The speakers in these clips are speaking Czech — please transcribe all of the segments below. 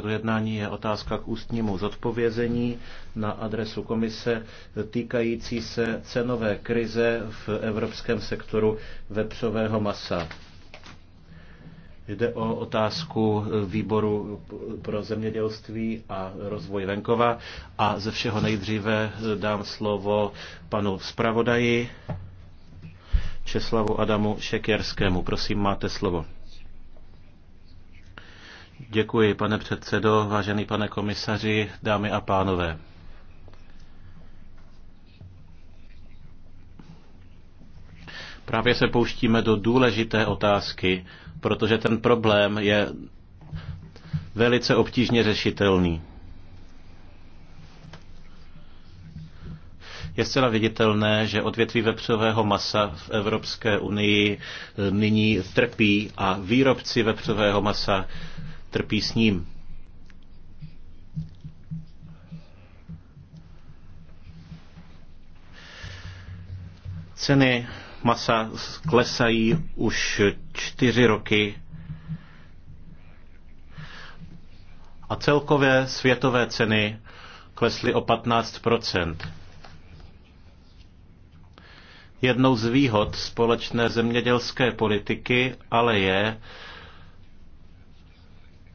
pořadu jednání je otázka k ústnímu zodpovězení na adresu komise týkající se cenové krize v evropském sektoru vepřového masa. Jde o otázku výboru pro zemědělství a rozvoj venkova a ze všeho nejdříve dám slovo panu zpravodaji Česlavu Adamu Šekerskému. Prosím, máte slovo. Děkuji, pane předsedo, vážený pane komisaři, dámy a pánové. Právě se pouštíme do důležité otázky, protože ten problém je velice obtížně řešitelný. je zcela viditelné, že odvětví vepřového masa v Evropské unii nyní trpí a výrobci vepřového masa trpí s ním. Ceny masa klesají už čtyři roky a celkové světové ceny klesly o 15 Jednou z výhod společné zemědělské politiky ale je,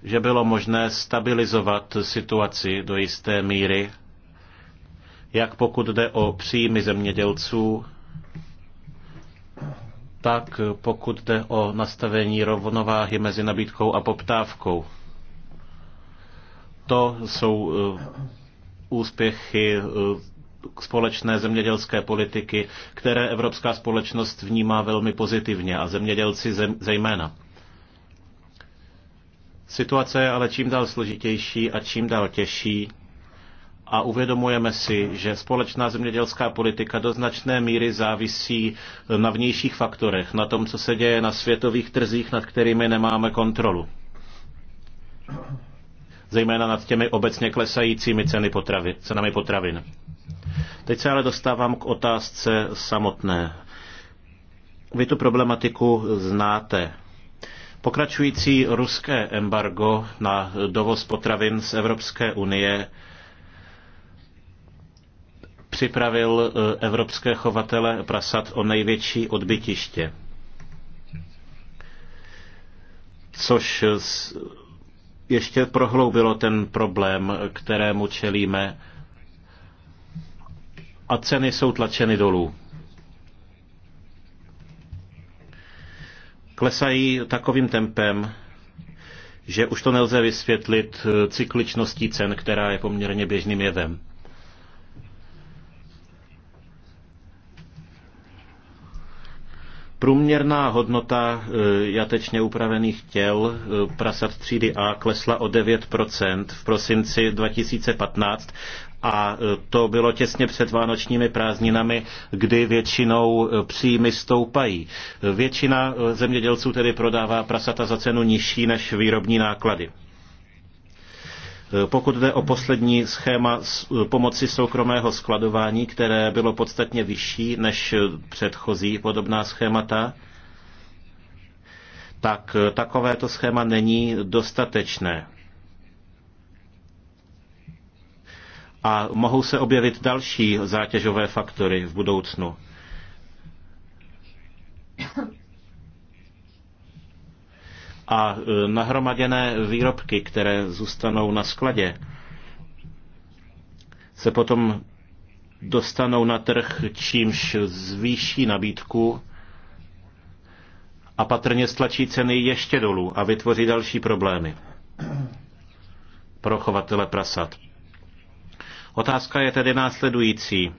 že bylo možné stabilizovat situaci do jisté míry, jak pokud jde o příjmy zemědělců, tak pokud jde o nastavení rovnováhy mezi nabídkou a poptávkou. To jsou eh, úspěchy eh, společné zemědělské politiky, které evropská společnost vnímá velmi pozitivně a zemědělci zejména. Situace je ale čím dál složitější a čím dál těžší a uvědomujeme si, že společná zemědělská politika do značné míry závisí na vnějších faktorech, na tom, co se děje na světových trzích, nad kterými nemáme kontrolu. Zejména nad těmi obecně klesajícími ceny potravy, cenami potravin. Teď se ale dostávám k otázce samotné. Vy tu problematiku znáte. Pokračující ruské embargo na dovoz potravin z Evropské unie připravil eh, evropské chovatele prasat o největší odbytiště. Což ještě prohloubilo ten problém, kterému čelíme a ceny jsou tlačeny dolů. klesají takovým tempem, že už to nelze vysvětlit eh, cykličností cen, která je poměrně běžným jevem. Průměrná hodnota eh, jatečně upravených těl eh, prasat třídy A klesla o 9% v prosinci 2015 a e, to bylo těsně před vánočními prázdninami, kdy většinou e, příjmy stoupají. Většina e, zemědělců tedy prodává prasata za cenu nižší než výrobní náklady. Pokud jde o poslední schéma pomoci soukromého skladování, které bylo podstatně vyšší než předchozí podobná schémata, tak takovéto schéma není dostatečné. a mohou se objevit další zátěžové faktory v budoucnu. A e, nahromaděné výrobky, které zůstanou na skladě, se potom dostanou na trh, čímž zvýší nabídku a patrně stlačí ceny ještě dolů a vytvoří další problémy pro chovatele prasat. Otázka je tedy následující.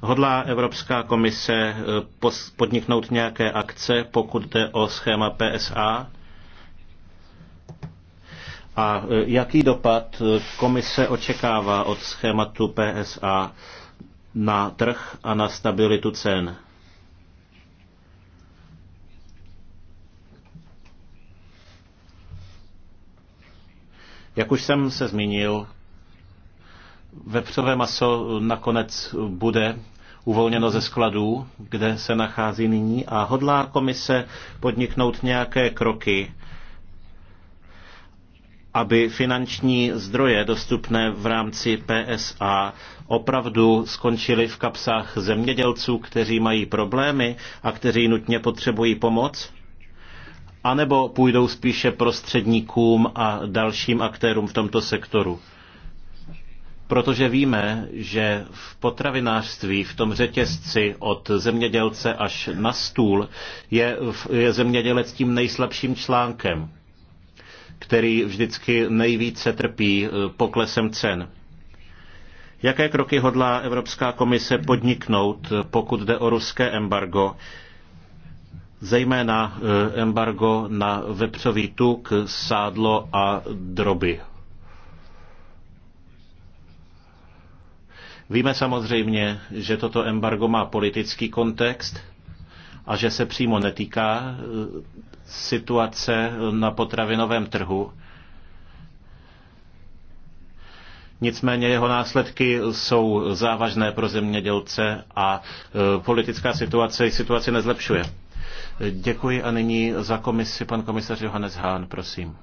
Hodlá Evropská komise eh, podniknout nějaké akce, pokud jde o schéma PSA? A eh, jaký dopad eh, komise očekává od schématu PSA na trh a na stabilitu cen? Jak už jsem se zmínil, Vepřové maso nakonec bude uvolněno ze skladů, kde se nachází nyní a hodlá komise podniknout nějaké kroky, aby finanční zdroje dostupné v rámci PSA opravdu skončily v kapsách zemědělců, kteří mají problémy a kteří nutně potřebují pomoc? anebo půjdou spíše prostředníkům a dalším aktérům v tomto sektoru? protože víme, že v potravinářství, v tom řetězci od zemědělce až na stůl, je, je zemědělec tím nejslabším článkem, který vždycky nejvíce trpí eh, poklesem cen. Jaké kroky hodlá Evropská komise podniknout, eh, pokud jde o ruské embargo, zejména eh, embargo na vepřový tuk, sádlo a droby? Víme samozřejmě, že toto embargo má politický kontext a že se přímo netýká e, situace na potravinovém trhu. Nicméně jeho následky jsou závažné pro zemědělce a e, politická situace situaci nezlepšuje. Děkuji a nyní za komisi pan komisař Johannes Hahn, prosím.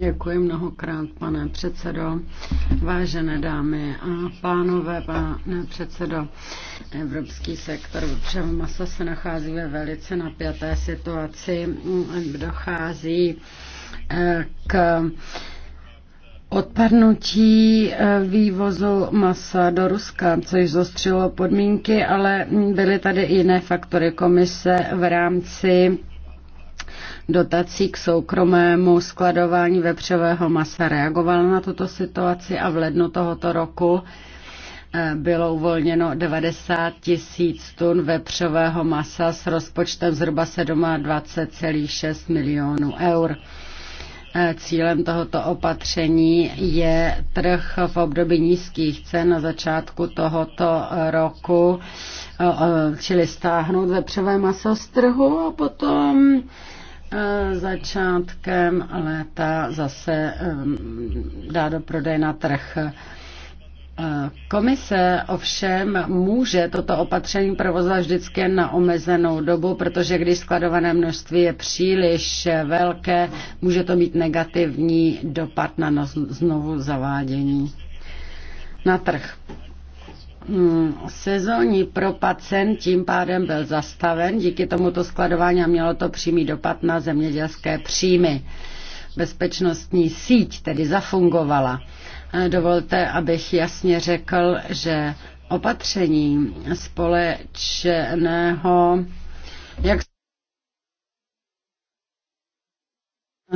Děkuji mnohokrát, pane předsedo. Vážené dámy a pánové, pane předsedo, evropský sektor vepřového masa se nachází ve velice napjaté situaci. Dochází eh, k odpadnutí eh, vývozu masa do Ruska, což zostřilo podmínky, ale byly tady i jiné faktory komise v rámci dotací k soukromému skladování vepřového masa reagovala na tuto situaci a v lednu tohoto roku eh, bylo uvolněno 90 tisíc tun vepřového masa s rozpočtem zhruba 27,6 milionů eur. Eh, cílem tohoto opatření je trh v období nízkých cen na začátku tohoto eh, roku, čili stáhnout vepřové maso z trhu a potom E, začátkem léta zase e, dá do prodeje na trh. E, komise ovšem může toto opatření provozovat vždycky na omezenou dobu, protože když skladované množství je příliš velké, může to mít negativní dopad na znovu zavádění na trh. Hmm, sezónní propad cen tím pádem byl zastaven díky tomuto skladování a mělo to přímý dopad na zemědělské příjmy. Bezpečnostní síť tedy zafungovala. Eh, dovolte, abych jasně řekl, že opatření společného, jak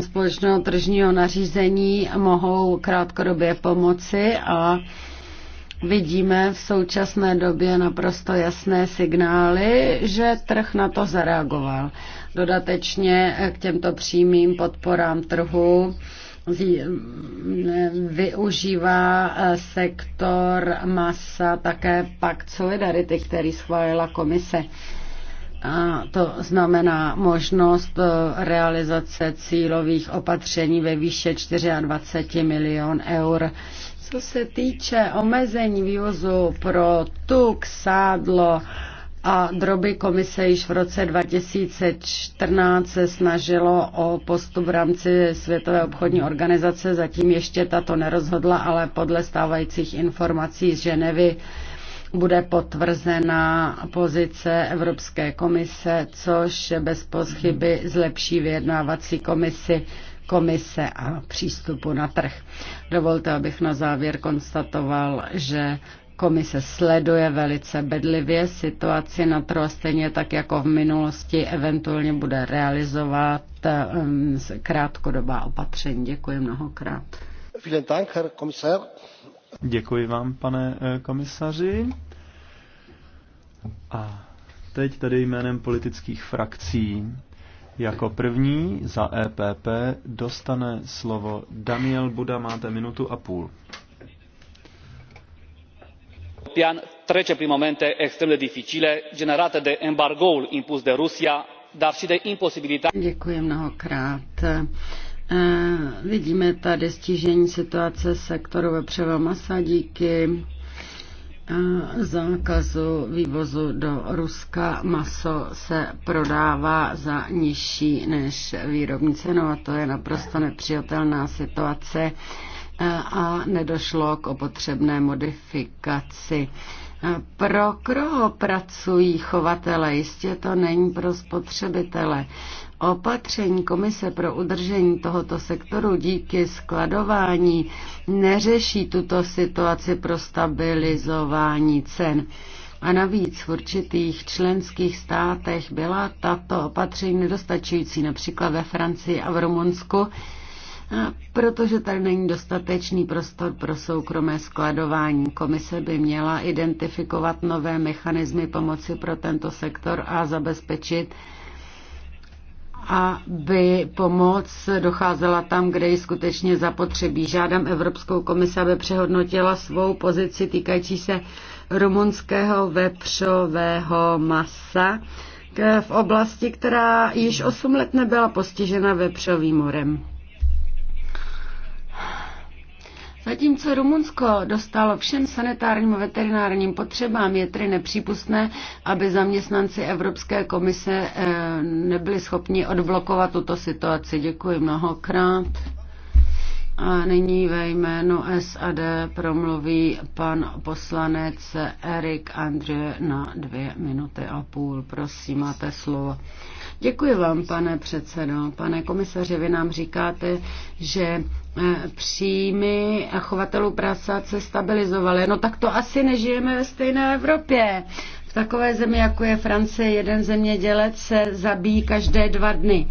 společného tržního nařízení mohou krátkodobě pomoci a Vidíme v současné době naprosto jasné signály, že trh na to zareagoval. Dodatečně k těmto přímým podporám trhu využívá eh, sektor masa také pakt solidarity, který schválila komise. A to znamená možnost eh, realizace cílových opatření ve výše 24 milion eur co se týče omezení vývozu pro tuk, sádlo, a droby komise již v roce 2014 se snažilo o postup v rámci Světové obchodní organizace, zatím ještě tato nerozhodla, ale podle stávajících informací z Ženevy bude potvrzena pozice Evropské komise, což bez pochyby zlepší vyjednávací komisi komise a přístupu na trh. Dovolte, abych na závěr konstatoval, že Komise sleduje velice bedlivě situaci na trhu, stejně tak jako v minulosti eventuálně bude realizovat um, krátkodobá opatření. Děkuji mnohokrát. Děkuji vám, pane eh, komisaři. A teď tady jménem politických frakcí jako první za EPP dostane slovo Daniel Buda, máte minutu a půl. Pian trece prin momente extrem de dificile generate de embargoul impus de Rusia, dar și de imposibilitatea. Děkuji mnohokrát. E, vidíme tady stížení situace sektoru vepřového masa díky zákazu vývozu do Ruska maso se prodává za nižší než výrobní cenu a to je naprosto nepřijatelná situace a nedošlo k opotřebné modifikaci. Pro kroho pracují chovatele, jistě to není pro spotřebitele. Opatření Komise pro udržení tohoto sektoru díky skladování neřeší tuto situaci pro stabilizování cen. A navíc v určitých členských státech byla tato opatření nedostačující, například ve Francii a v Rumunsku, protože tady není dostatečný prostor pro soukromé skladování. Komise by měla identifikovat nové mechanismy pomoci pro tento sektor a zabezpečit, aby pomoc docházela tam, kde ji skutečně zapotřebí. Žádám Evropskou komisi, aby přehodnotila svou pozici týkající se rumunského vepřového masa v oblasti, která již 8 let nebyla postižena vepřovým morem. Zatímco Rumunsko dostalo všem sanitárním a veterinárním potřebám, je tedy nepřípustné, aby zaměstnanci Evropské komise eh, nebyli schopni odblokovat tuto situaci. Děkuji mnohokrát. A nyní ve jménu SAD promluví pan poslanec Erik Andře na dvě minuty a půl. Prosím, máte slovo. Děkuji vám, pane předsedo. Pane komisaři, vy nám říkáte, že eh, příjmy a chovatelů prasat se stabilizovaly. No tak to asi nežijeme ve stejné Evropě. V takové zemi, jako je Francie, jeden zemědělec se zabíjí každé dva dny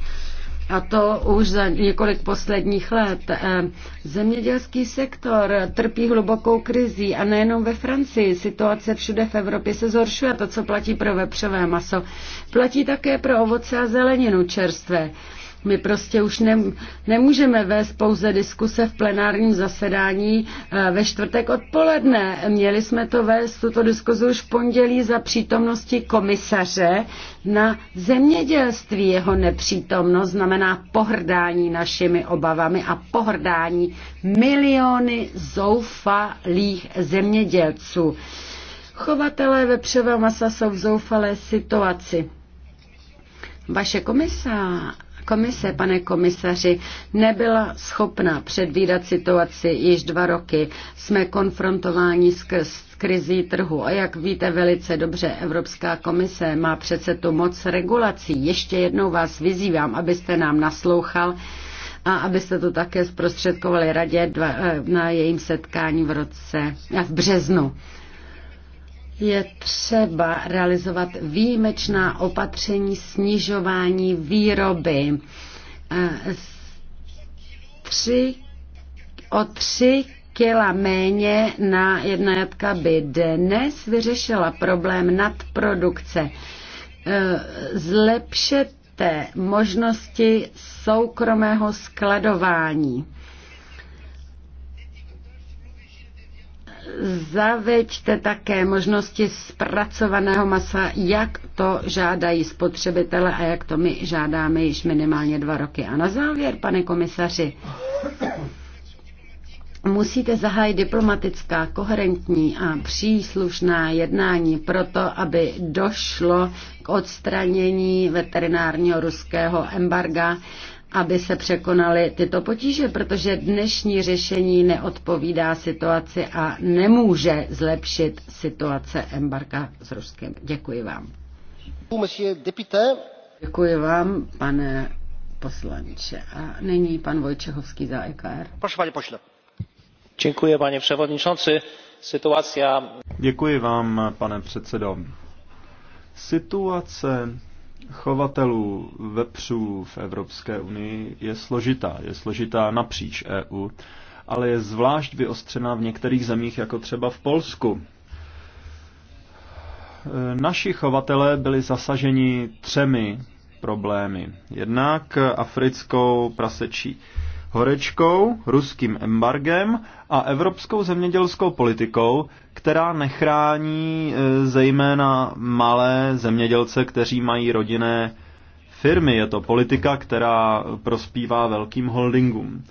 a to už za několik posledních let. Eh, zemědělský sektor trpí hlubokou krizí a nejenom ve Francii. Situace všude v Evropě se zhoršuje. To, co platí pro vepřové maso, platí také pro ovoce a zeleninu čerstvé. My prostě už ne, nemůžeme vést pouze diskuse v plenárním zasedání eh, ve čtvrtek odpoledne. Měli jsme to vést, tuto diskuzi už v pondělí za přítomnosti komisaře na zemědělství. Jeho nepřítomnost znamená pohrdání našimi obavami a pohrdání miliony zoufalých zemědělců. Chovatelé vepřového masa jsou v zoufalé situaci. Vaše komisa komise, pane komisaři, nebyla schopna předvídat situaci již dva roky. Jsme konfrontováni s krizí trhu a jak víte velice dobře, Evropská komise má přece tu moc regulací. Ještě jednou vás vyzývám, abyste nám naslouchal a abyste to také zprostředkovali radě eh, na jejím setkání v roce eh, v březnu je třeba realizovat výjimečná opatření snižování výroby. Eh, tři, o tři kila méně na jedna jatka by dnes vyřešila problém nadprodukce. Eh, zlepšete možnosti soukromého skladování. zaveďte také možnosti zpracovaného masa, jak to žádají spotřebitele a jak to my žádáme již minimálně dva roky. A na závěr, pane komisaři, musíte zahájit diplomatická, koherentní a příslušná jednání proto, aby došlo k odstranění veterinárního ruského embarga aby se překonaly tyto potíže, protože dnešní řešení neodpovídá situaci a nemůže zlepšit situace embarka s Ruskem. Děkuji vám. Děkuji vám, pane poslanče. A nyní pan Vojčehovský za EKR. Proszę, panie pośle. Děkuji, pane przewodniczący. Situace... Děkuji vám, pane předsedo. Situace chovatelů vepřů v Evropské unii je složitá. Je složitá napříč EU, ale je zvlášť vyostřená v některých zemích, jako třeba v Polsku. Naši chovatelé byli zasaženi třemi problémy. Jednak africkou prasečí horečkou, ruským embargem a evropskou zemědělskou politikou, která nechrání e, zejména malé zemědělce, kteří mají rodinné firmy. Je to politika, která prospívá velkým holdingům.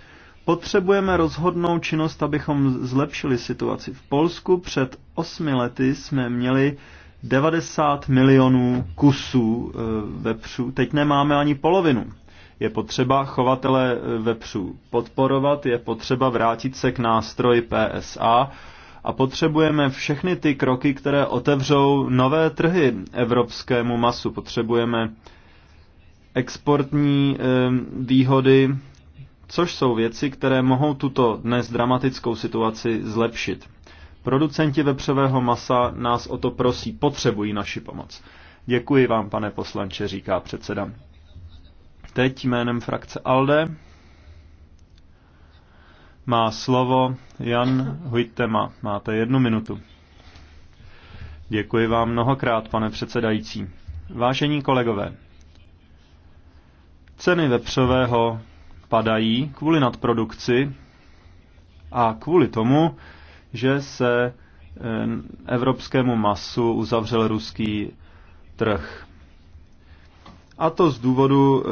Potřebujeme rozhodnou činnost, abychom zlepšili situaci. V Polsku před osmi lety jsme měli 90 milionů kusů e, vepřů, teď nemáme ani polovinu. Je potřeba chovatele eh, vepřů podporovat, je potřeba vrátit se k nástroji PSA a potřebujeme všechny ty kroky, které otevřou nové trhy evropskému masu. Potřebujeme exportní eh, výhody, což jsou věci, které mohou tuto dnes dramatickou situaci zlepšit. Producenti vepřového masa nás o to prosí, potřebují naši pomoc. Děkuji vám, pane poslanče, říká předseda. Teď jménem frakce ALDE má slovo Jan Hujtema. Máte jednu minutu. Děkuji vám mnohokrát, pane předsedající. Vážení kolegové, ceny vepřového padají kvůli nadprodukci a kvůli tomu, že se eh, evropskému masu uzavřel ruský trh. A to z důvodu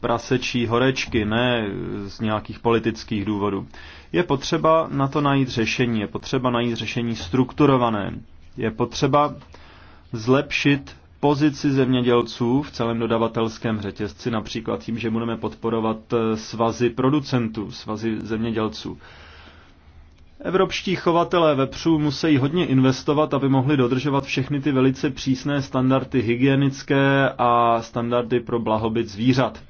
prasečí horečky, ne z nějakých politických důvodů. Je potřeba na to najít řešení, je potřeba najít řešení strukturované, je potřeba zlepšit pozici zemědělců v celém dodavatelském řetězci, například tím, že budeme podporovat eh, svazy producentů, svazy zemědělců. Evropští chovatelé vepřů musí hodně investovat, aby mohli dodržovat všechny ty velice přísné standardy hygienické a standardy pro blahobyt zvířat.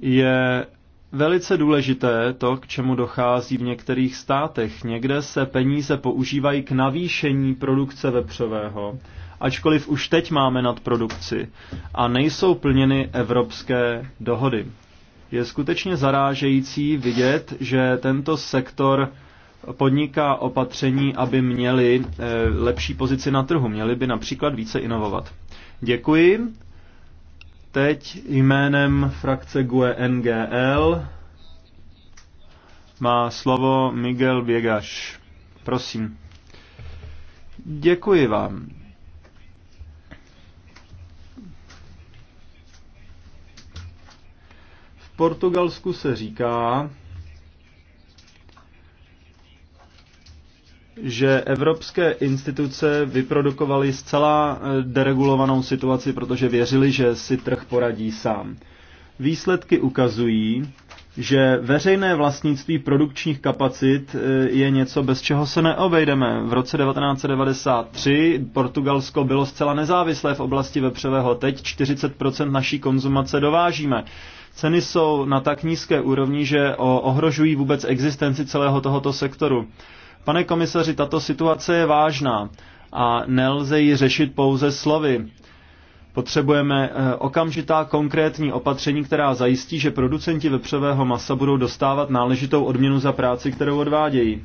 Je velice důležité to, k čemu dochází v některých státech. Někde se peníze používají k navýšení produkce vepřového, ačkoliv už teď máme nadprodukci a nejsou plněny evropské dohody. Je skutečně zarážející vidět, že tento sektor podniká opatření, aby měli eh, lepší pozici na trhu, měli by například více inovovat. Děkuji. Teď jménem frakce GUE NGL má slovo Miguel Věgaš. Prosím. Děkuji vám. Portugalsku se říká, že evropské instituce vyprodukovaly zcela eh, deregulovanou situaci, protože věřili, že si trh poradí sám. Výsledky ukazují, že veřejné vlastnictví produkčních kapacit eh, je něco, bez čeho se neobejdeme. V roce 1993 Portugalsko bylo zcela nezávislé v oblasti vepřového. Teď 40% naší konzumace dovážíme. Ceny jsou na tak nízké úrovni, že ohrožují vůbec existenci celého tohoto sektoru. Pane komisaři, tato situace je vážná a nelze ji řešit pouze slovy. Potřebujeme eh, okamžitá konkrétní opatření, která zajistí, že producenti vepřového masa budou dostávat náležitou odměnu za práci, kterou odvádějí.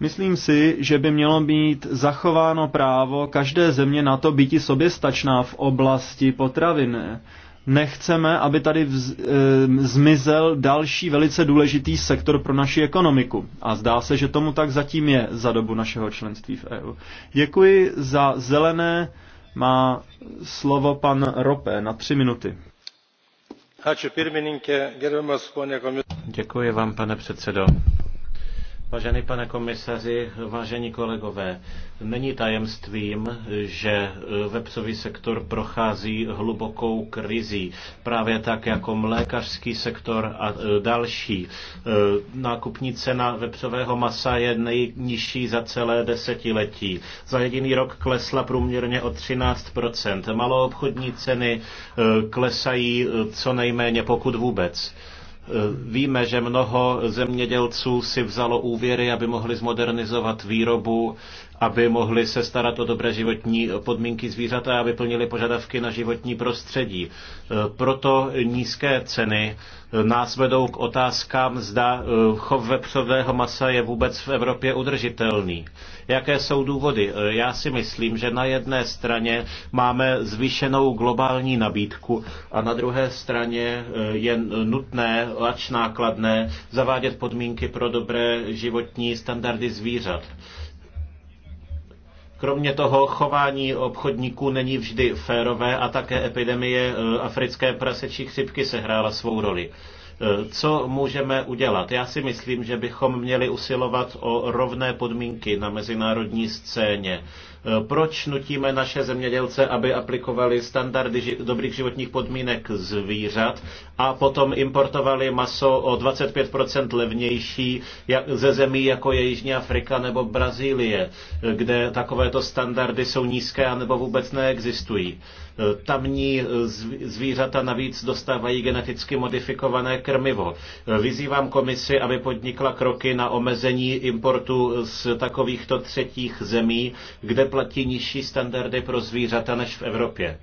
Myslím si, že by mělo být zachováno právo každé země na to býti soběstačná v oblasti potravin nechceme, aby tady vz, e, zmizel další velice důležitý sektor pro naši ekonomiku. A zdá se, že tomu tak zatím je za dobu našeho členství v EU. Děkuji za zelené. Má slovo pan Rope na tři minuty. Děkuji vám, pane předsedo. Vážený pane komisaři, vážení kolegové, není tajemstvím, že vepřový sektor prochází hlubokou krizí, právě tak jako mlékařský sektor a e, další. E, nákupní cena vepřového masa je nejnižší za celé desetiletí. Za jediný rok klesla průměrně o 13%. Maloobchodní ceny e, klesají co nejméně, pokud vůbec. Eh, víme, že mnoho zemědělců si vzalo úvěry, aby mohli zmodernizovat výrobu aby mohli se starat o dobré životní podmínky zvířat a vyplnili požadavky na životní prostředí. E, proto nízké ceny e, nás vedou k otázkám, zda e, chov vepřového masa je vůbec v Evropě udržitelný. Jaké jsou důvody? Já si myslím, že na jedné straně máme zvýšenou globální nabídku a na druhé straně je nutné, ač nákladné, zavádět podmínky pro dobré životní standardy zvířat. Kromě toho chování obchodníků není vždy férové a také epidemie eh, africké prasečí chřipky sehrála svou roli. Eh, co můžeme udělat? Já si myslím, že bychom měli usilovat o rovné podmínky na mezinárodní scéně. Eh, proč nutíme naše zemědělce, aby aplikovali standardy ži- dobrých životních podmínek zvířat a potom importovali maso o 25% levnější ze zemí, jako je Jižní Afrika nebo Brazílie, eh, kde takovéto standardy jsou nízké a nebo vůbec neexistují? Tamní eh, zvířata navíc dostávají geneticky modifikované krmivo. Eh, vyzývám komisi, aby podnikla kroky na omezení importu eh, z takovýchto třetích zemí, kde platí nižší standardy pro zvířata než v Evropě.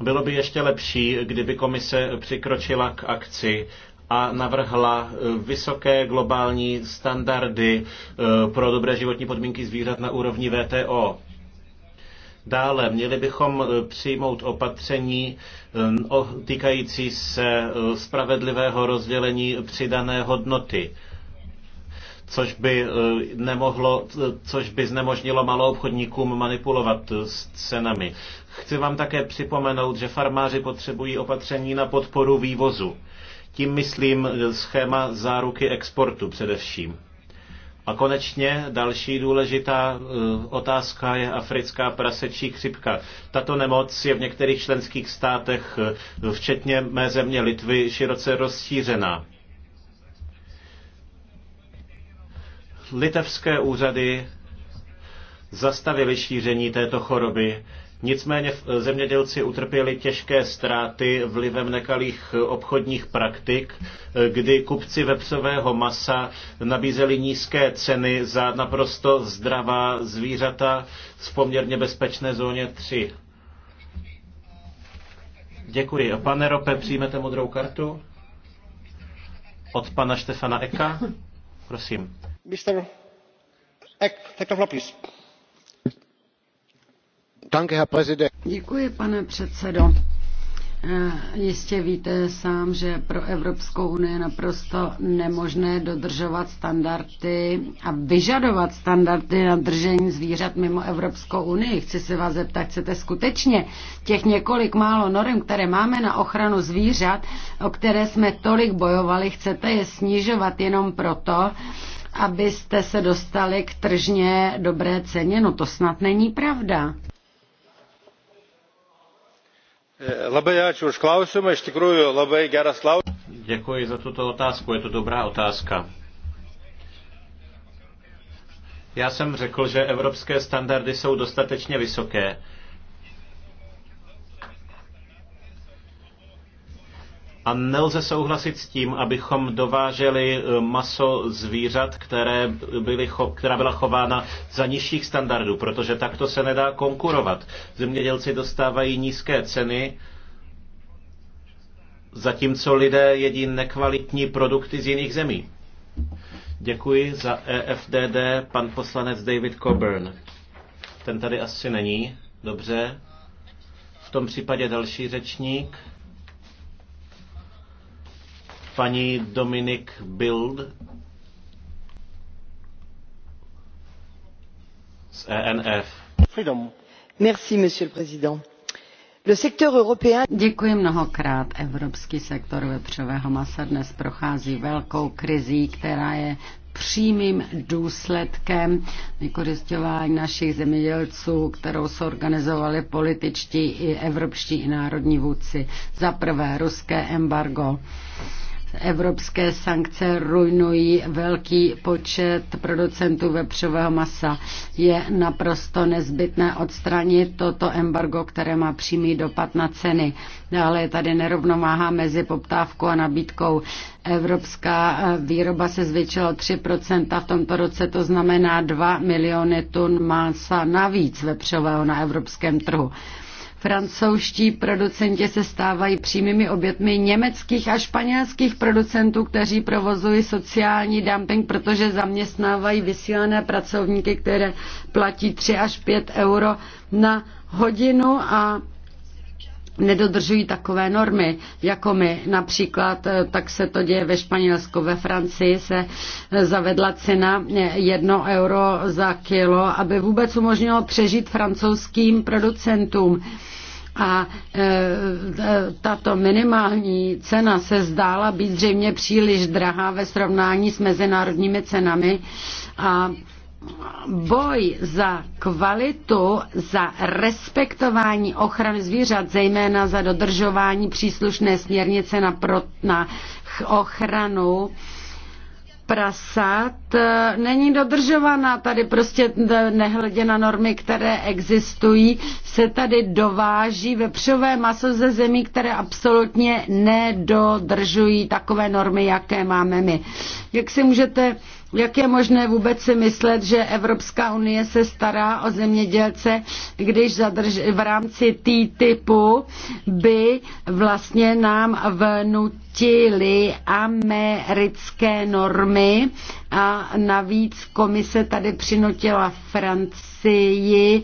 Bylo by ještě lepší, kdyby komise přikročila k akci a navrhla vysoké globální standardy pro dobré životní podmínky zvířat na úrovni VTO. Dále měli bychom e, přijmout opatření e, týkající se e, spravedlivého rozdělení přidané hodnoty což by nemohlo, což by znemožnilo maloobchodníkům manipulovat s cenami. Chci vám také připomenout, že farmáři potřebují opatření na podporu vývozu. Tím myslím schéma záruky exportu především. A konečně další důležitá eh, otázka je africká prasečí chřipka. Tato nemoc je v některých členských státech, eh, včetně mé země Litvy, široce rozšířená. Litevské úřady zastavili šíření této choroby Nicméně zemědělci utrpěli těžké ztráty vlivem nekalých obchodních praktik, kdy kupci vepřového masa nabízeli nízké ceny za naprosto zdravá zvířata v poměrně bezpečné zóně 3. Děkuji. Pane Rope, přijmete modrou kartu? Od pana Štefana Eka? Prosím. Mr. Ek, take off, please. Děkuji, pane předsedo. Eh, jistě víte sám, že pro Evropskou unii je naprosto nemožné dodržovat standardy a vyžadovat standardy na držení zvířat mimo Evropskou unii. Chci se vás zeptat, chcete skutečně těch několik málo norm, které máme na ochranu zvířat, o které jsme tolik bojovali, chcete je snižovat jenom proto, abyste se dostali k tržně dobré ceně? No to snad není pravda. E, Děkuji za tuto otázku, je to dobrá otázka. Já jsem řekl, že evropské standardy jsou dostatečně vysoké A nelze souhlasit s tím, abychom dováželi eh, maso zvířat, které byly, která byla chována za nižších standardů, protože takto se nedá konkurovat. Zemědělci dostávají nízké ceny, zatímco lidé jedí nekvalitní produkty z jiných zemí. Děkuji za EFDD, pan poslanec David Coburn. Ten tady asi není, dobře. V tom případě další řečník paní Dominik Bild z ENF. Merci, monsieur le président. Děkuji mnohokrát. Evropský sektor vepřového masa dnes prochází velkou krizí, která je přímým důsledkem vykořišťování našich zemědělců, kterou se organizovali političtí i evropští i národní vůdci. Za prvé ruské embargo Evropské sankce rujnují velký počet producentů vepřového masa. Je naprosto nezbytné odstranit toto embargo, které má přímý dopad na ceny. Dále je tady nerovnováha mezi poptávkou a nabídkou. Evropská výroba se zvětšila 3% v tomto roce, to znamená 2 miliony tun masa navíc vepřového na evropském trhu. Francouzští producenti se stávají přímými obětmi německých a španělských producentů, kteří provozují sociální dumping, protože zaměstnávají vysílané pracovníky, které platí 3 až 5 euro na hodinu a nedodržují takové normy, jako my. Například eh, tak se to děje ve Španělsku. Ve Francii se eh, zavedla cena 1 eh, euro za kilo, aby vůbec umožnilo přežít francouzským producentům. A tato minimální cena se zdála být zřejmě příliš drahá ve srovnání s mezinárodními cenami. A boj za kvalitu, za respektování ochrany zvířat, zejména za dodržování příslušné směrnice na, pro, na ochranu prasat e, není dodržována. Tady prostě nehledě na normy, které existují, se tady dováží vepřové maso ze zemí, které absolutně nedodržují takové normy, jaké máme my. Jak si můžete jak je možné vůbec si myslet, že Evropská unie se stará o zemědělce, když zadrž, v rámci T-typu by vlastně nám vnutili americké normy a navíc komise tady přinutila Francii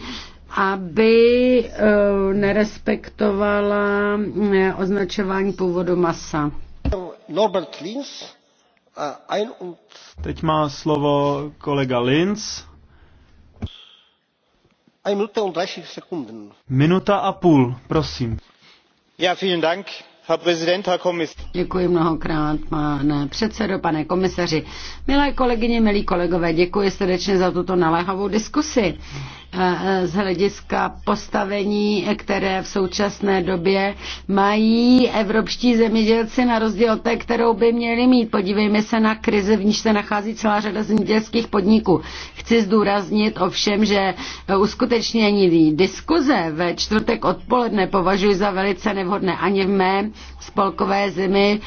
aby eh, nerespektovala eh, označování původu masa. Norbert Lins. Eh, Teď má slovo kolega Linz. Minuta a půl, prosím. Ja, vielen Dank. Děkuji mnohokrát, pane předsedo, pane komisaři. Milé kolegyně, milí kolegové, děkuji srdečně za tuto naléhavou diskusi z hlediska postavení, které v současné době mají evropští zemědělci na rozdíl od té, kterou by měli mít. Podívejme se na krizi, v níž se nachází celá řada zemědělských podniků. Chci zdůraznit ovšem, že uskutečnění diskuze ve čtvrtek odpoledne považuji za velice nevhodné. Ani v mé spolkové zemi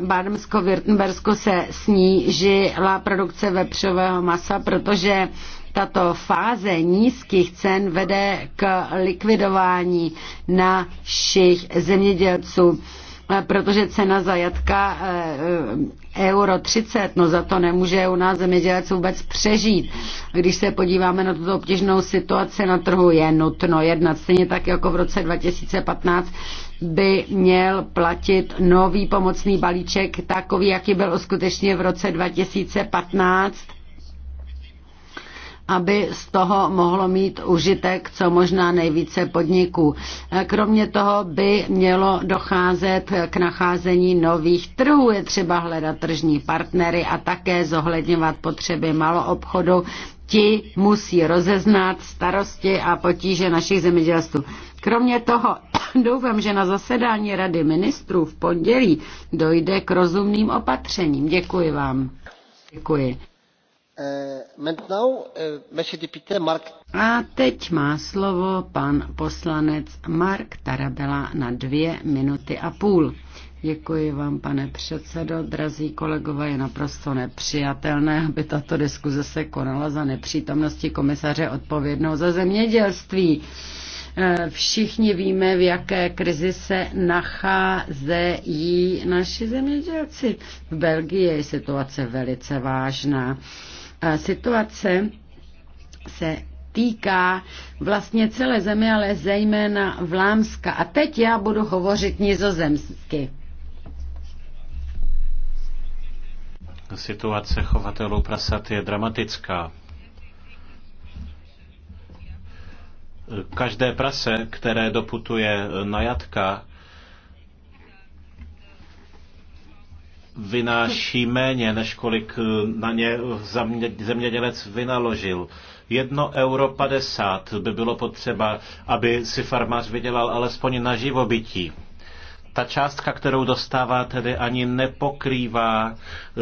bármsko württembersko se snížila produkce vepřového masa, protože tato fáze nízkých cen vede k likvidování našich zemědělců protože cena za jatka eh, euro 30, no za to nemůže u nás zemědělec vůbec přežít. Když se podíváme na tuto obtížnou situaci na trhu, je nutno jednat. Stejně tak jako v roce 2015 by měl platit nový pomocný balíček, takový, jaký byl skutečně v roce 2015 aby z toho mohlo mít užitek co možná nejvíce podniků. Eh, kromě toho by mělo docházet k nacházení nových trhů. Je třeba hledat tržní partnery a také zohledňovat potřeby maloobchodu. Ti musí rozeznat starosti a potíže našich zemědělství. Kromě toho doufám, že na zasedání Rady ministrů v pondělí dojde k rozumným opatřením. Děkuji vám. Děkuji. Eh, eh, a teď má slovo pan poslanec Mark Tarabela na dvě minuty a půl. Děkuji vám, pane předsedo. Drazí kolegové, je naprosto nepřijatelné, aby tato diskuze se konala za nepřítomnosti komisaře odpovědnou za zemědělství. Eh, všichni víme, v jaké krizi se nacházejí naši zemědělci. V Belgii je situace velice vážná Situace se týká vlastně celé země, ale zejména Vlámska. A teď já budu hovořit nizozemsky. Situace chovatelů prasat je dramatická. Každé prase, které doputuje na jatka, vynáší méně, než kolik eh, na ně eh, zemědělec vynaložil. Jedno euro 50 by bylo potřeba, aby si farmář vydělal alespoň na živobytí. Ta částka, kterou dostává, tedy ani nepokrývá eh,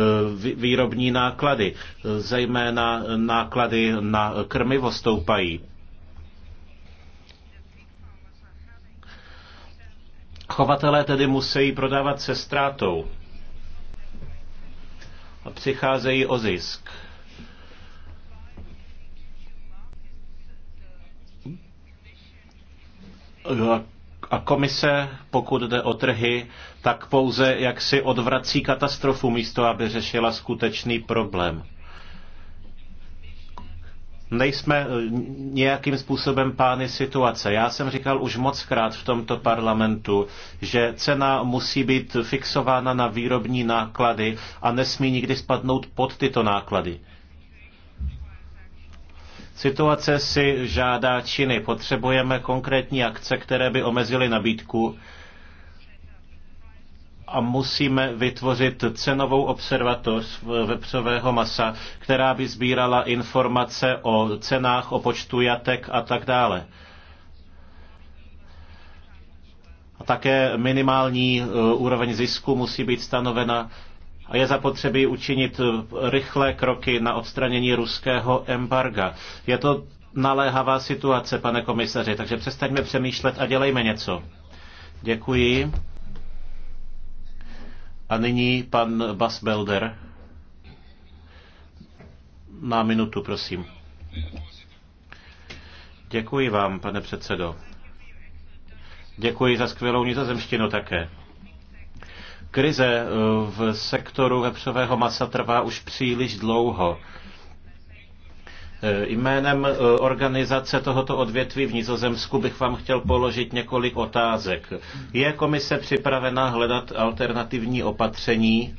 výrobní náklady, zejména náklady na krmivo stoupají. Chovatelé tedy musí prodávat se ztrátou. A přicházejí o zisk. A komise, pokud jde o trhy, tak pouze jak si odvrací katastrofu místo, aby řešila skutečný problém nejsme eh, nějakým způsobem pány situace. Já jsem říkal už mockrát v tomto parlamentu, že cena musí být fixována na výrobní náklady a nesmí nikdy spadnout pod tyto náklady. Situace si žádá činy. Potřebujeme konkrétní akce, které by omezily nabídku a musíme vytvořit cenovou observatoř vepřového masa, která by sbírala informace o cenách, o počtu jatek a tak dále. A také minimální eh, úroveň zisku musí být stanovena a je zapotřebí učinit eh, rychlé kroky na odstranění ruského embarga. Je to naléhavá situace, pane komisaři, takže přestaňme přemýšlet a dělejme něco. Děkuji. A nyní pan Basbelder. Na minutu, prosím. Děkuji vám, pane předsedo. Děkuji za skvělou nizozemštinu také. Krize eh, v sektoru vepřového masa trvá už příliš dlouho. Eh, jménem eh, organizace tohoto odvětví v Nizozemsku bych vám chtěl položit několik otázek. Je komise připravena hledat alternativní opatření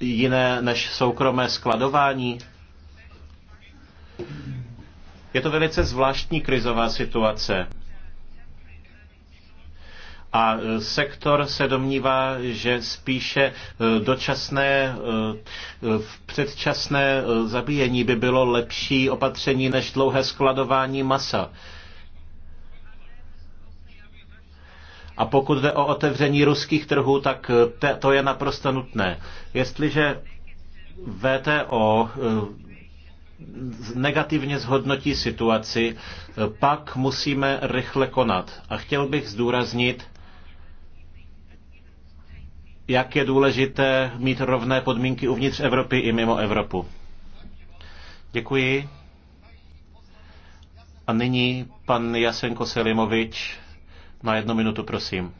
jiné než soukromé skladování? Je to velice zvláštní krizová situace a e, sektor se domnívá, že spíše e, dočasné, e, předčasné zabíjení by bylo lepší opatření než dlouhé skladování masa. A pokud jde o otevření ruských trhů, tak to je naprosto nutné. Jestliže VTO negativně zhodnotí situaci, pak musíme rychle konat. A chtěl bych zdůraznit, jak je důležité mít rovné podmínky uvnitř Evropy i mimo Evropu. Děkuji. A nyní pan Jasenko Selimovič na jednu minutu, prosím.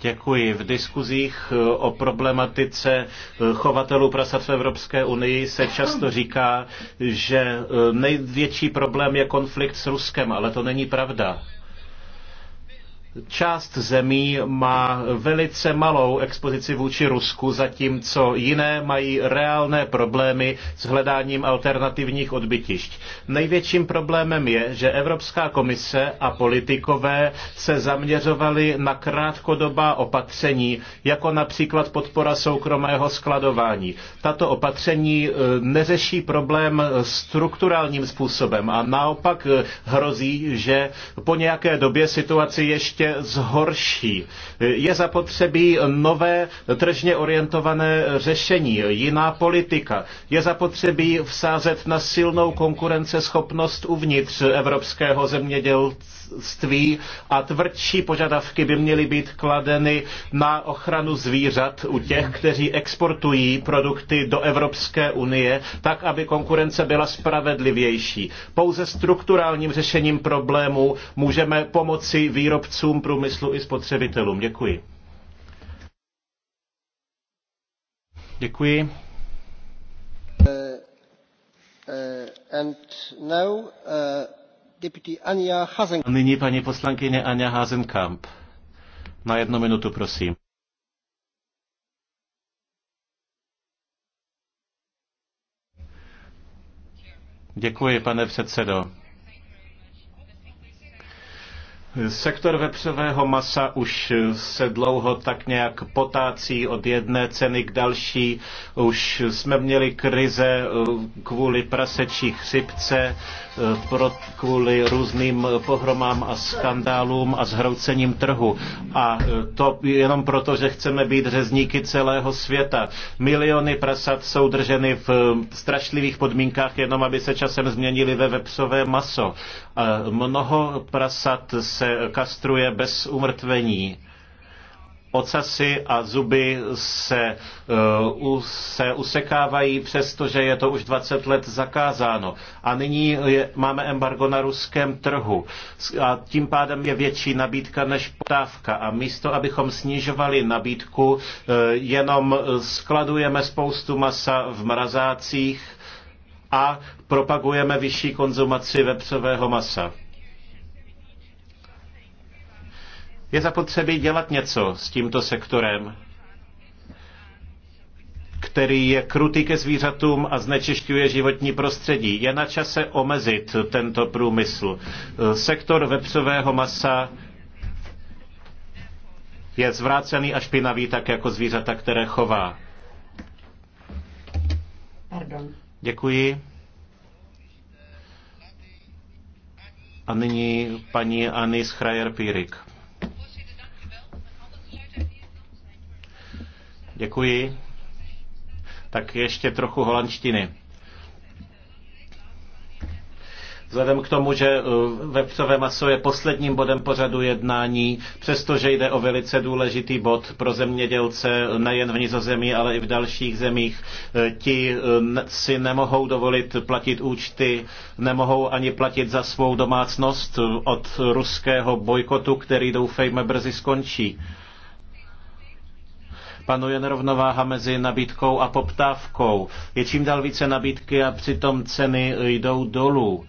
Děkuji. V diskuzích o problematice chovatelů prasat v Evropské unii se často říká, že největší problém je konflikt s Ruskem, ale to není pravda část zemí má velice malou expozici vůči Rusku, zatímco jiné mají reálné problémy s hledáním alternativních odbytišť. Největším problémem je, že Evropská komise a politikové se zaměřovali na krátkodobá opatření, jako například podpora soukromého skladování. Tato opatření e, neřeší problém strukturálním způsobem a naopak e, hrozí, že po nějaké době situaci ještě ještě zhorší. Je zapotřebí nové tržně orientované řešení, jiná politika. Je zapotřebí vsázet na silnou konkurenceschopnost uvnitř evropského zemědělství vlastnictví a tvrdší požadavky by měly být kladeny na ochranu zvířat u těch, kteří exportují produkty do Evropské unie, tak, aby konkurence byla spravedlivější. Pouze strukturálním řešením problémů můžeme pomoci výrobcům průmyslu i spotřebitelům. Děkuji. Děkuji. Uh, uh, and now, uh... Nyní paní poslankyně Anja Hazenkamp. Na jednu minutu, prosím. Děkuji, pane předsedo. Sektor vepřového masa už se dlouho tak nějak potácí od jedné ceny k další. Už jsme měli krize eh, kvůli prasečí chřipce, eh, kvůli různým pohromám a skandálům a zhroucením trhu. A eh, to jenom proto, že chceme být řezníky celého světa. Miliony prasat jsou drženy v strašlivých podmínkách, jenom aby se časem změnili ve vepřové maso. Mnoho prasat se se kastruje bez umrtvení. Ocasy a zuby se, uh, se usekávají, přestože je to už 20 let zakázáno. A nyní je, máme embargo na ruském trhu. A tím pádem je větší nabídka než poptávka. A místo, abychom snižovali nabídku, uh, jenom skladujeme spoustu masa v mrazácích a propagujeme vyšší konzumaci vepřového masa. Je zapotřebí dělat něco s tímto sektorem, který je krutý ke zvířatům a znečišťuje životní prostředí. Je na čase omezit tento průmysl. Sektor vepřového masa je zvrácený a špinavý, tak jako zvířata, které chová. Pardon. Děkuji. A nyní paní Anis Schreier-Pírik. Děkuji. Tak ještě trochu holandštiny. Vzhledem k tomu, že uh, vepřové maso je posledním bodem pořadu jednání, přestože jde o velice důležitý bod pro zemědělce nejen v Nizozemí, ale i v dalších zemích, eh, ti eh, si nemohou dovolit platit účty, nemohou ani platit za svou domácnost eh, od ruského bojkotu, který doufejme brzy skončí panuje nerovnováha mezi nabídkou a poptávkou. Je čím dál více nabídky a přitom ceny jdou dolů.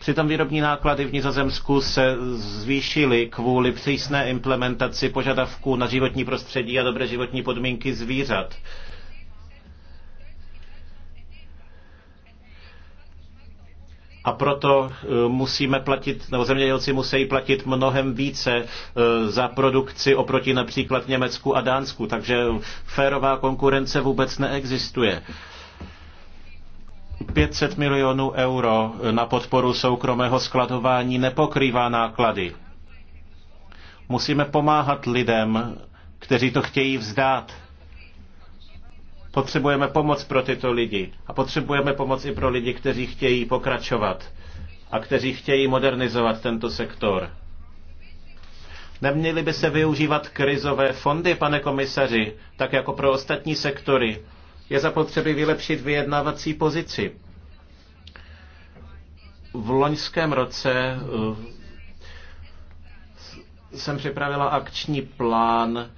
Přitom výrobní náklady v Nizozemsku se zvýšily kvůli přísné implementaci požadavků na životní prostředí a dobré životní podmínky zvířat. A proto e, musíme platit, nebo zemědělci musí platit mnohem více e, za produkci oproti například Německu a Dánsku. Takže férová konkurence vůbec neexistuje. 500 milionů euro na podporu soukromého skladování nepokrývá náklady. Musíme pomáhat lidem, kteří to chtějí vzdát. Potřebujeme pomoc pro tyto lidi a potřebujeme pomoc i pro lidi, kteří chtějí pokračovat a kteří chtějí modernizovat tento sektor. Neměly by se využívat krizové fondy, pane komisaři, tak jako pro ostatní sektory. Je zapotřebí vylepšit vyjednávací pozici. V loňském roce eh, jsem připravila akční plán eh,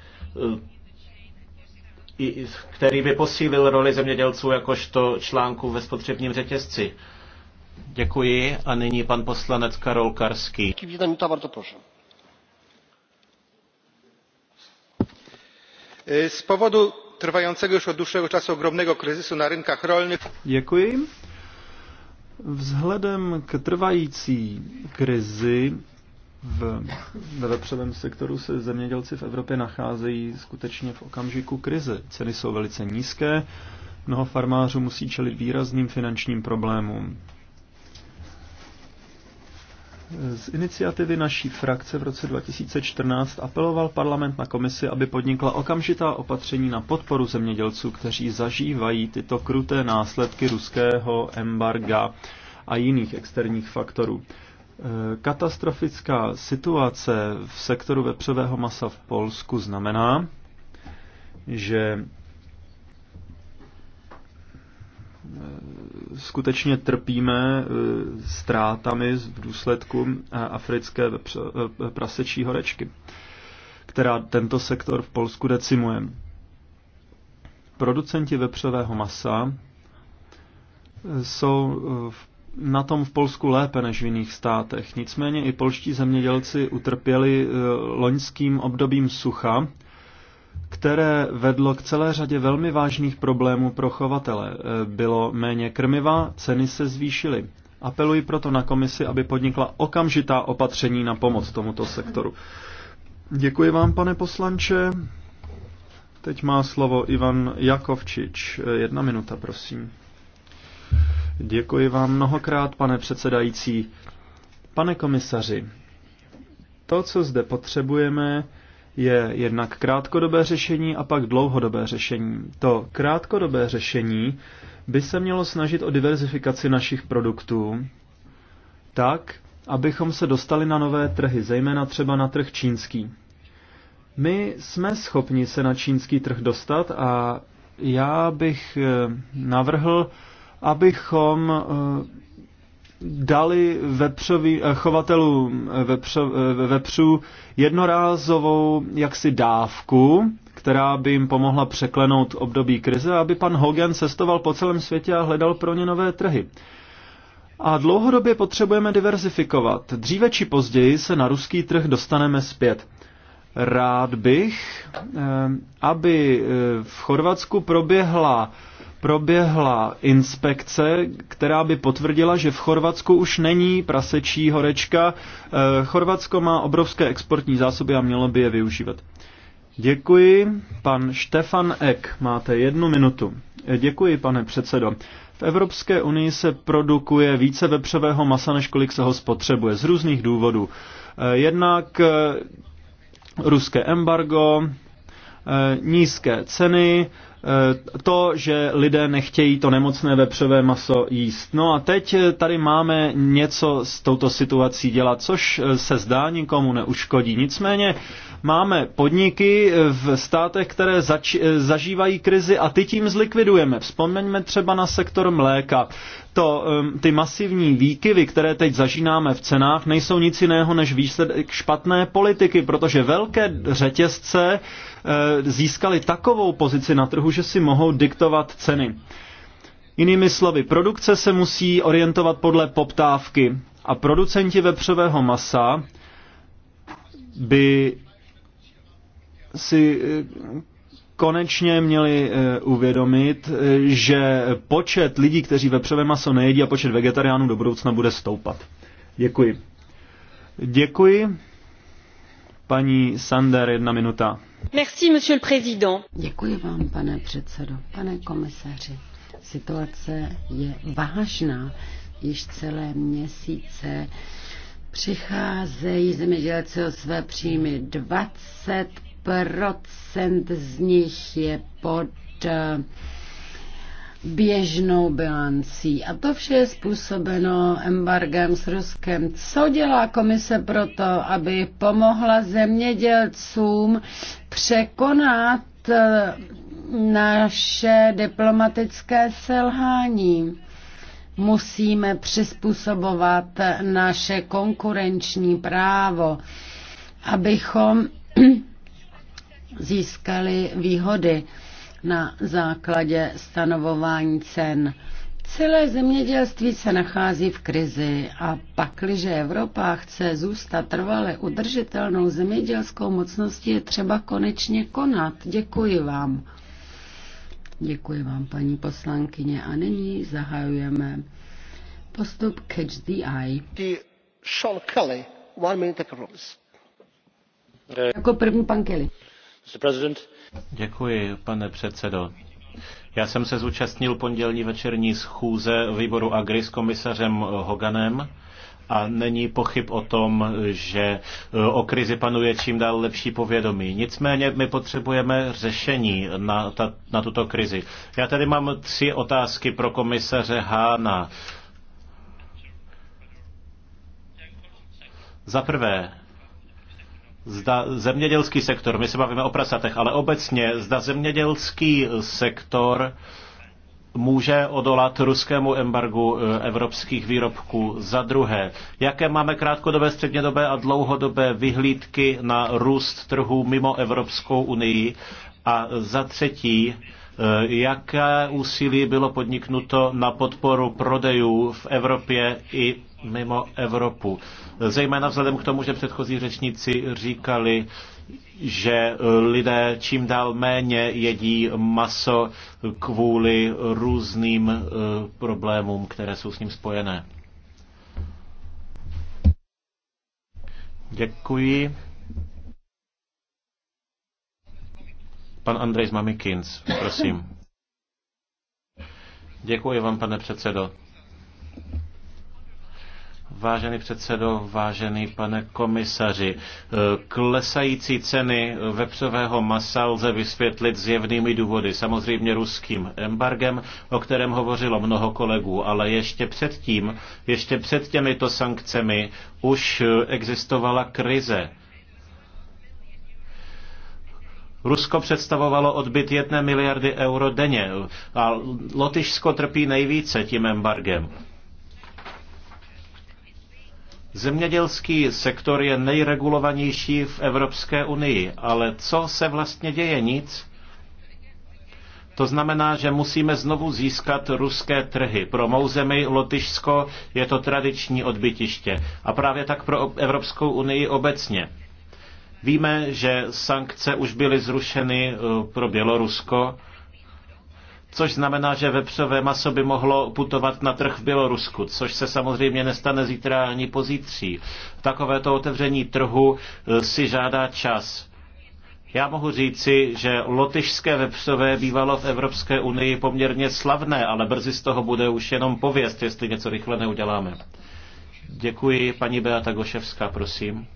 který by posílil roli zemědělců jakožto článku ve spotřebním řetězci. Děkuji a nyní pan poslanec Karol Karský. E, z powodu trwającego już od dłuższego czasu ogromnego kryzysu na rynkach rolnych. Děkuji. Vzhledem k trvající krizi v, ve vepřovém sektoru se zemědělci v Evropě nacházejí skutečně v okamžiku krize. Ceny jsou velice nízké, mnoho farmářů musí čelit výrazným finančním problémům. Z iniciativy naší frakce v roce 2014 apeloval parlament na komisi, aby podnikla okamžitá opatření na podporu zemědělců, kteří zažívají tyto kruté následky ruského embarga a jiných externích faktorů. Eh, katastrofická situace v sektoru vepřového masa v Polsku znamená, že eh, skutečně trpíme eh, ztrátami v důsledku africké prasečí horečky, která tento sektor v Polsku decimuje. Producenti vepřového masa jsou v na tom v Polsku lépe než v jiných státech. Nicméně i polští zemědělci utrpěli eh, loňským obdobím sucha, které vedlo k celé řadě velmi vážných problémů pro chovatele. Eh, bylo méně krmiva, ceny se zvýšily. Apeluji proto na komisi, aby podnikla okamžitá opatření na pomoc tomuto sektoru. Děkuji vám, pane poslanče. Teď má slovo Ivan Jakovčič. Eh, jedna minuta, prosím. Děkuji vám mnohokrát, pane předsedající. Pane komisaři, to, co zde potřebujeme, je jednak krátkodobé řešení a pak dlouhodobé řešení. To krátkodobé řešení by se mělo snažit o diverzifikaci našich produktů tak, abychom se dostali na nové trhy, zejména třeba na trh čínský. My jsme schopni se na čínský trh dostat a já bych eh, navrhl abychom eh, dali vepřový, eh, chovatelům eh, vepřo, vepřů jednorázovou jaksi dávku, která by jim pomohla překlenout období krize, aby pan Hogan cestoval po celém světě a hledal pro ně nové trhy. A dlouhodobě potřebujeme diverzifikovat. Dříve či později se na ruský trh dostaneme zpět. Rád bych, aby v Chorvatsku proběhla proběhla inspekce, která by potvrdila, že v Chorvatsku už není prasečí horečka. Eh, Chorvatsko má obrovské exportní zásoby a mělo by je využívat. Děkuji. Pan Štefan Ek, máte jednu minutu. Eh, děkuji, pane předsedo. V Evropské unii se produkuje více vepřového masa, než kolik se ho spotřebuje, z různých důvodů. Eh, jednak ruské embargo, nízké ceny, Eh, to, že lidé nechtějí to nemocné vepřové maso jíst. No a teď eh, tady máme něco s touto situací dělat, což eh, se zdá nikomu neuškodí. Nicméně máme podniky v státech, které zač- zažívají krizi a ty tím zlikvidujeme. Vzpomeňme třeba na sektor mléka. To, ty masivní výkyvy, které teď zažínáme v cenách, nejsou nic jiného než výsledek špatné politiky, protože velké řetězce získaly takovou pozici na trhu, trhu, že si mohou diktovat ceny. Jinými slovy, produkce se musí orientovat podle poptávky a producenti vepřového masa by si eh, konečně měli eh, uvědomit, eh, že počet lidí, kteří vepřové maso nejedí a počet vegetariánů do budoucna bude stoupat. Děkuji. Děkuji. Paní Sander, jedna minuta monsieur le président. Děkuji vám, pane předsedo. Pane komisaři, situace je vážná. Již celé měsíce přicházejí zemědělci o své příjmy. 20 z nich je pod eh, běžnou bilancí. A to vše je způsobeno embargem s Ruskem. Co dělá komise proto, aby pomohla zemědělcům překonat eh, naše diplomatické selhání? Musíme přizpůsobovat naše konkurenční právo, abychom získali výhody na základě stanovování cen. Celé zemědělství se nachází v krizi a pakliže Evropa chce zůstat trvale udržitelnou zemědělskou mocností, je třeba konečně konat. Děkuji vám. Děkuji vám, paní poslankyně. A nyní zahajujeme postup Catch the Eye. Kelly, Jako první pan Kelly. Děkuji, pane předsedo. Já jsem se zúčastnil pondělní večerní schůze výboru Agri s komisařem Hoganem a není pochyb o tom, že eh, o krizi panuje čím dál lepší povědomí. Nicméně my potřebujeme řešení na, ta, na tuto krizi. Já tady mám tři otázky pro komisaře Hána. Za prvé, zda zemědělský sektor, my se bavíme o prasatech, ale obecně, zda zemědělský sektor může odolat ruskému embargu eh, evropských výrobků. Za druhé, jaké máme krátkodobé, střednědobé a dlouhodobé vyhlídky na růst trhů mimo Evropskou unii? A za třetí, Eh, jaké úsilí bylo podniknuto na podporu prodejů v Evropě i mimo Evropu? Zejména vzhledem k tomu, že předchozí řečníci říkali, že lidé čím dál méně jedí maso kvůli různým eh, problémům, které jsou s ním spojené. Děkuji. Pan Andrej z Mamikins, prosím. Děkuji vám, pane předsedo. Vážený předsedo, vážený pane komisaři, klesající ceny vepřového masa lze vysvětlit zjevnými důvody, samozřejmě ruským embargem, o kterém hovořilo mnoho kolegů, ale ještě předtím, ještě před těmito sankcemi už existovala krize Rusko představovalo odbyt jedné miliardy euro denně a Lotyšsko trpí nejvíce tím embargem. Zemědělský sektor je nejregulovanější v Evropské unii, ale co se vlastně děje? Nic. To znamená, že musíme znovu získat ruské trhy. Pro mou zemi Lotyšsko je to tradiční odbytiště a právě tak pro Evropskou unii obecně. Víme, že sankce už byly zrušeny eh, pro Bělorusko, což znamená, že vepřové maso by mohlo putovat na trh v Bělorusku, což se samozřejmě nestane zítra ani pozítří. Takovéto otevření trhu eh, si žádá čas. Já mohu říci, že lotyšské vepřové bývalo v Evropské unii poměrně slavné, ale brzy z toho bude už jenom pověst, jestli něco rychle neuděláme. Děkuji, paní Beata Goševská, prosím.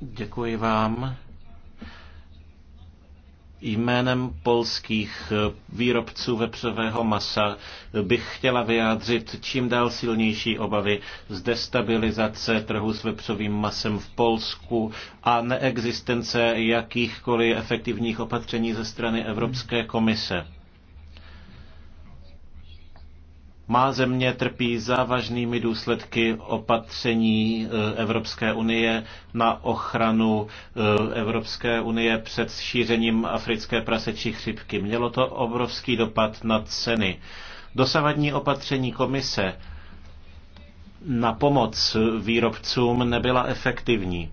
Děkuji vám. Jménem polských výrobců vepřového masa bych chtěla vyjádřit čím dál silnější obavy z destabilizace trhu s vepřovým masem v Polsku a neexistence jakýchkoliv efektivních opatření ze strany Evropské komise. Má země trpí závažnými důsledky opatření e, Evropské unie na ochranu e, Evropské unie před šířením africké prasečí chřipky. Mělo to obrovský dopad na ceny. Dosavadní opatření komise na pomoc výrobcům nebyla efektivní.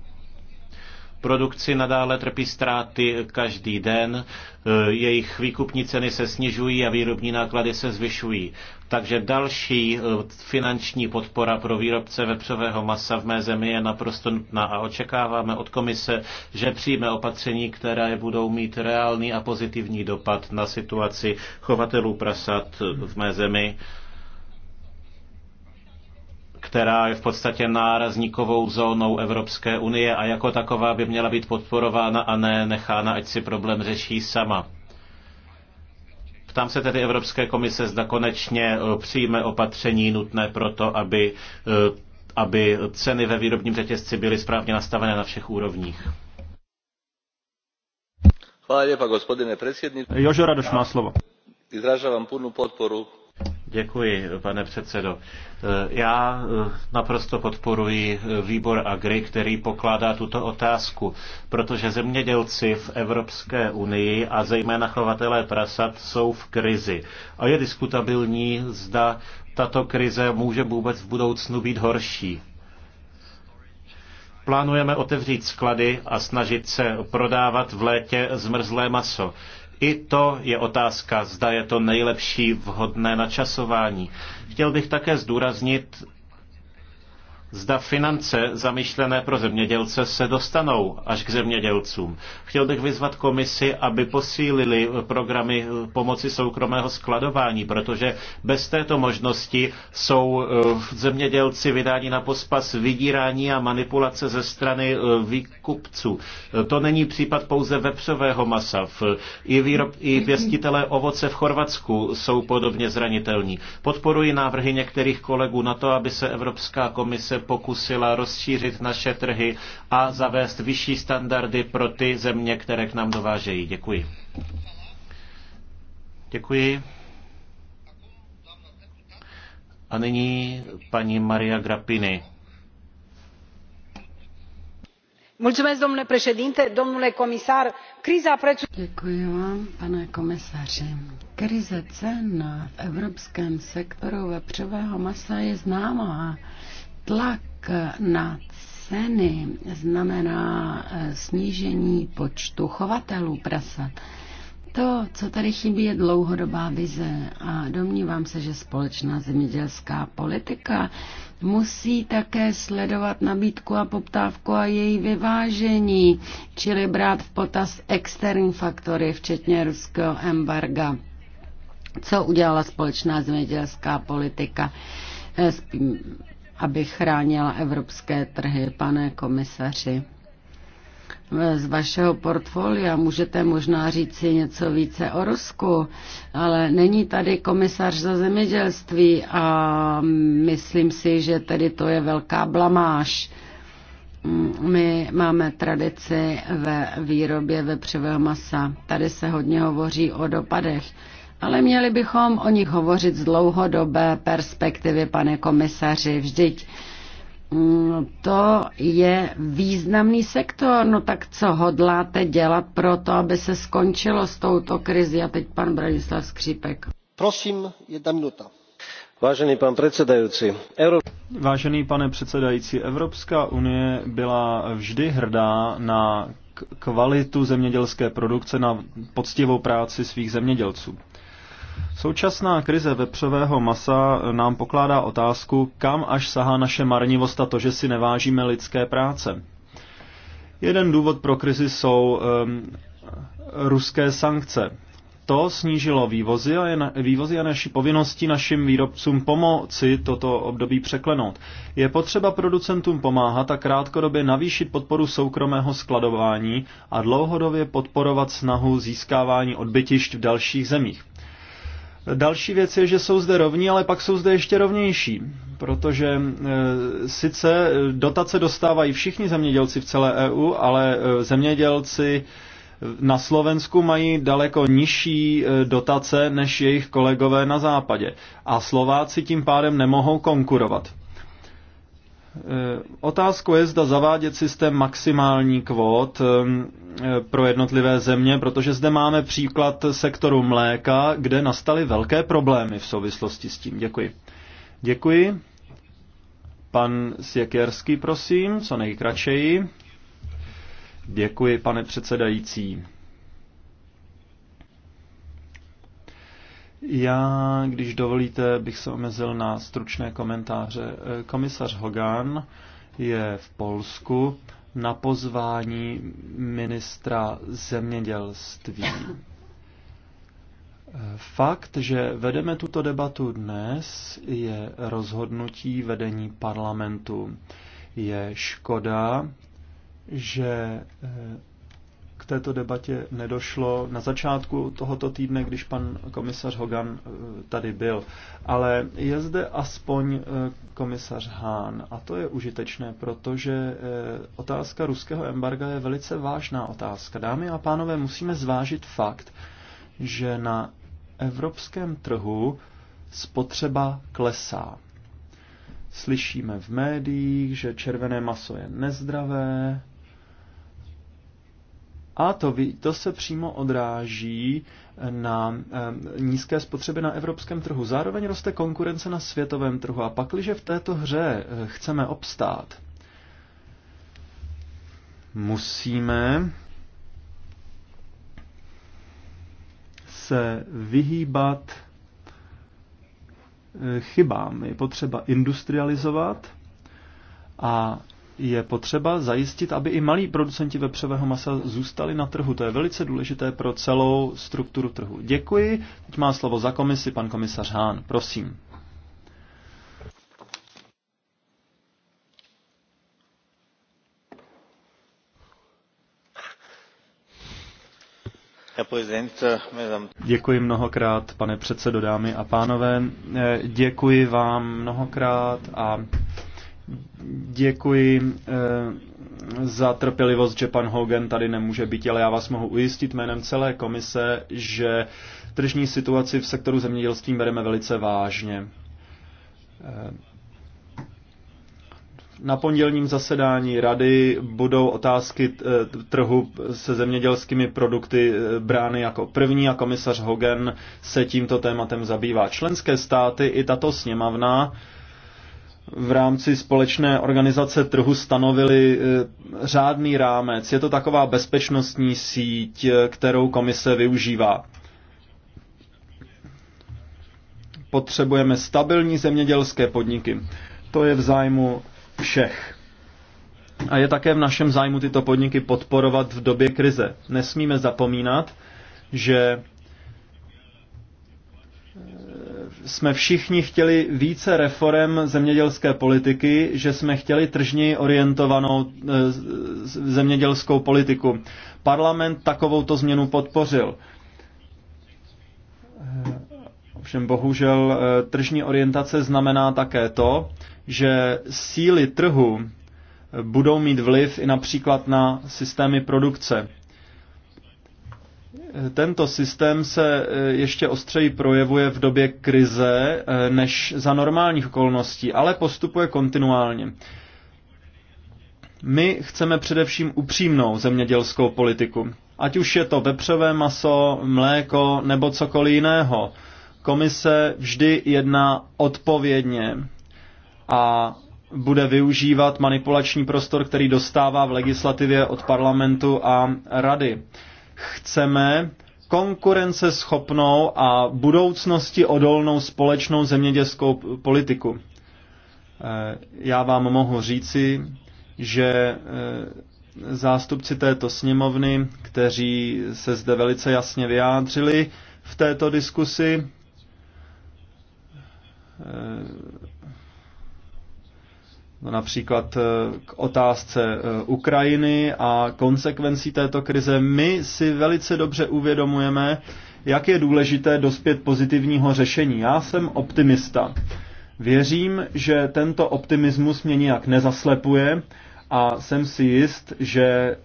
Produkci nadále trpí ztráty každý den, eh, jejich výkupní ceny se snižují a výrobní náklady se zvyšují. Takže další eh, finanční podpora pro výrobce vepřového masa v mé zemi je naprosto nutná a očekáváme od komise, že přijme opatření, které budou mít reálný a pozitivní dopad na situaci chovatelů prasat v mé zemi která je v podstatě nárazníkovou zónou Evropské unie a jako taková by měla být podporována a ne nechána, ať si problém řeší sama. Ptám se tedy Evropské komise, zda konečně eh, přijme opatření nutné proto, aby, eh, aby ceny ve výrobním řetězci byly správně nastavené na všech úrovních. Hvala lijepa, gospodine predsjedniče. Jožo Radoš má slovo. Izražavam punu podporu Děkuji, pane předsedo. Já eh, naprosto podporuji eh, výbor Agri, který pokládá tuto otázku, protože zemědělci v Evropské unii a zejména chovatelé prasat jsou v krizi. A je diskutabilní, zda tato krize může vůbec v budoucnu být horší. Plánujeme otevřít sklady a snažit se prodávat v létě zmrzlé maso. I to je otázka, zda je to nejlepší vhodné načasování. Chtěl bych také zdůraznit, zda finance zamýšlené pro zemědělce se dostanou až k zemědělcům. Chtěl bych vyzvat komisi, aby posílili programy pomoci soukromého skladování, protože bez této možnosti jsou eh, zemědělci vydáni na pospas vydírání a manipulace ze strany eh, výkupců. Eh, to není případ pouze vepřového masa. I, výrob, i pěstitelé ovoce v Chorvatsku jsou podobně zranitelní. Podporuji návrhy některých kolegů na to, aby se Evropská komise pokusila rozšířit naše trhy a zavést vyšší standardy pro ty země, které k nám dovážejí. Děkuji. Děkuji. A nyní paní Maria Grappini. Děkuji vám, pane komisaři krize cen v evropském sektoru vepřového masa je známá tlak na ceny znamená eh, snížení počtu chovatelů prasat. To, co tady chybí, je dlouhodobá vize a domnívám se, že společná zemědělská politika musí také sledovat nabídku a poptávku a její vyvážení, čili brát v potaz externí faktory, včetně ruského embarga. Co udělala společná zemědělská politika? Eh, aby chránila evropské trhy, pane komisaři. Z vašeho portfolia můžete možná říci něco více o Rusku, ale není tady komisař za zemědělství a myslím si, že tedy to je velká blamáž. My máme tradici ve výrobě vepřového masa. Tady se hodně hovoří o dopadech. Ale měli bychom o nich hovořit z dlouhodobé perspektivy, pane komisaři. Vždyť mm, to je významný sektor. No tak co hodláte dělat pro to, aby se skončilo s touto krizi? A teď pan Branislav Skřípek. Prosím, jedna minuta. Vážený pan předsedající, Euro... Vážený pane předsedající, Evropská unie byla vždy hrdá na kvalitu zemědělské produkce, na poctivou práci svých zemědělců. Současná krize vepřového masa nám pokládá otázku, kam až sahá naše marnivost a to, že si nevážíme lidské práce. Jeden důvod pro krizi jsou um, ruské sankce. To snížilo vývozy a, je na, vývozy a naši povinností našim výrobcům pomoci toto období překlenout. Je potřeba producentům pomáhat a krátkodobě navýšit podporu soukromého skladování a dlouhodobě podporovat snahu získávání odbytišť v dalších zemích. Další věc je, že jsou zde rovní, ale pak jsou zde ještě rovnější, protože e, sice dotace dostávají všichni zemědělci v celé EU, ale e, zemědělci na Slovensku mají daleko nižší e, dotace než jejich kolegové na západě. A Slováci tím pádem nemohou konkurovat. Eh, otázkou je, zda zavádět systém maximální kvót ehm, eh, pro jednotlivé země, protože zde máme příklad sektoru mléka, kde nastaly velké problémy v souvislosti s tím. Děkuji. Děkuji. Pan Sjekerský, prosím, co nejkračeji. Děkuji, pane předsedající. Já, když dovolíte, bych se omezil na stručné komentáře. Komisař Hogan je v Polsku na pozvání ministra zemědělství. Fakt, že vedeme tuto debatu dnes, je rozhodnutí vedení parlamentu. Je škoda, že eh, této debatě nedošlo na začátku tohoto týdne, když pan komisař Hogan eh, tady byl. Ale je zde aspoň eh, komisař Hán a to je užitečné, protože eh, otázka ruského embarga je velice vážná otázka. Dámy a pánové, musíme zvážit fakt, že na evropském trhu spotřeba klesá. Slyšíme v médiích, že červené maso je nezdravé, a to, to se přímo odráží na eh, nízké spotřeby na evropském trhu. Zároveň roste konkurence na světovém trhu. A pakliže v této hře eh, chceme obstát, musíme se vyhýbat eh, chybám. Je potřeba industrializovat a je potřeba zajistit, aby i malí producenti vepřového masa zůstali na trhu. To je velice důležité pro celou strukturu trhu. Děkuji. Teď má slovo za komisi pan komisař Hán. Prosím. Děkuji mnohokrát, pane předsedo, dámy a pánové. Děkuji vám mnohokrát a Děkuji eh, za trpělivost, že pan Hogan tady nemůže být, ale já vás mohu ujistit jménem celé komise, že tržní situaci v sektoru zemědělství bereme velice vážně. Eh, na pondělním zasedání rady budou otázky eh, trhu se zemědělskými produkty brány jako první a komisař Hogan se tímto tématem zabývá. Členské státy i tato sněmovna v rámci společné organizace trhu stanovili e, řádný rámec. Je to taková bezpečnostní síť, e, kterou komise využívá. Potřebujeme stabilní zemědělské podniky. To je v zájmu všech. A je také v našem zájmu tyto podniky podporovat v době krize. Nesmíme zapomínat, že jsme všichni chtěli více reform zemědělské politiky, že jsme chtěli tržněji orientovanou eh, zemědělskou politiku. Parlament takovouto změnu podpořil. Eh, ovšem bohužel eh, tržní orientace znamená také to, že síly trhu budou mít vliv i například na systémy produkce. Tento systém se eh, ještě ostřeji projevuje v době krize eh, než za normálních okolností, ale postupuje kontinuálně. My chceme především upřímnou zemědělskou politiku. Ať už je to vepřové maso, mléko nebo cokoliv jiného. Komise vždy jedná odpovědně a bude využívat manipulační prostor, který dostává v legislativě od parlamentu a rady. Chceme konkurenceschopnou a budoucnosti odolnou společnou zemědělskou politiku. E, já vám mohu říci, že e, zástupci této sněmovny, kteří se zde velice jasně vyjádřili v této diskusi, e, například eh, k otázce eh, Ukrajiny a konsekvencí této krize. My si velice dobře uvědomujeme, jak je důležité dospět pozitivního řešení. Já jsem optimista. Věřím, že tento optimismus mě nijak nezaslepuje a jsem si jist, že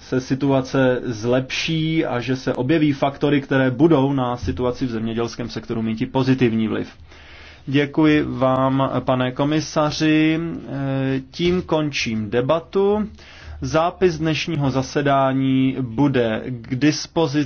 se situace zlepší a že se objeví faktory, které budou na situaci v zemědělském sektoru mít pozitivní vliv. Děkuji vám, pane komisaři. Tím končím debatu. Zápis dnešního zasedání bude k dispozici.